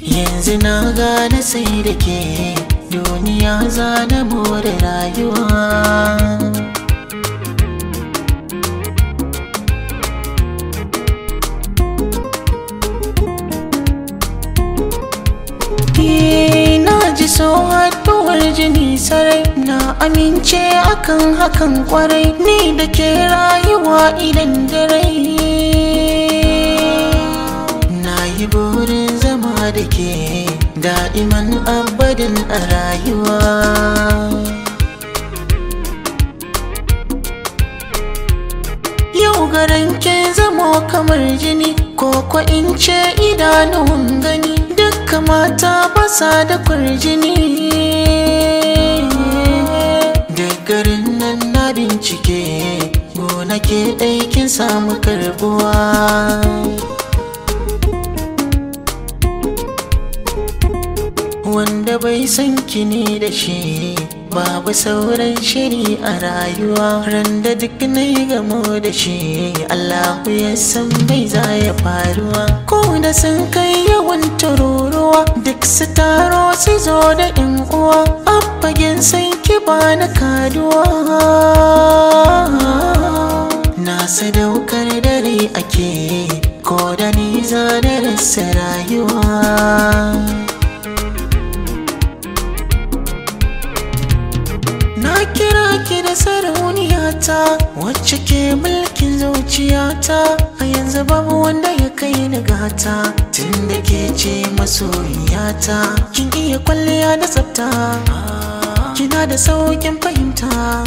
yanzu na gane sai da ke duniya za na more rayuwa na ji jini sarai na amince akan hakan kwarai ni da ke rayuwa idan dare na yi burin zama da ke da'iman abadin a rayuwa yau garin ke zama kamar jini ko ko ce idanun gani dukka mata basa da kurjini na bincike gonake ɗai kin samu karbuwa wanda bai san ki ne da shi babu sauran shiri a rayuwa ran da duk na yi gamo da shi allahu ya san bai za ya faruwa ko da sun kai yawan tururuwa duk su taro su zo da in uwa abbagen sai kwana kaduwa na sadaukar dare ake ko da ni rasa rayuwa na kira ki da sarauniyata wacce ke mulkin zuciyata a yanzu babu wanda ya kai ni gata tun da ke ce masoyiyata kin iya kwalliya da tsafta da saukin fahimta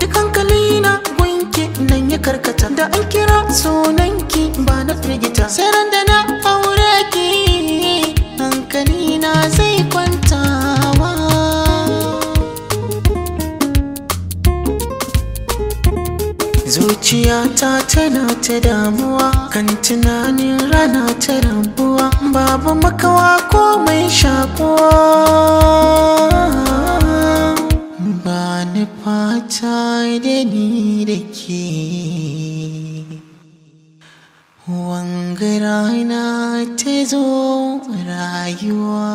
duk hankali na gwanke nan ya karkata da an kira sunanki ba na firgita sai ran da na aure ki hankali na zai kwanta kwantawa zuciyata tana ta damuwa kan tunanin rana ta rabuwa babu makawa ko mai shakuwa wanga rana ta zo rayuwa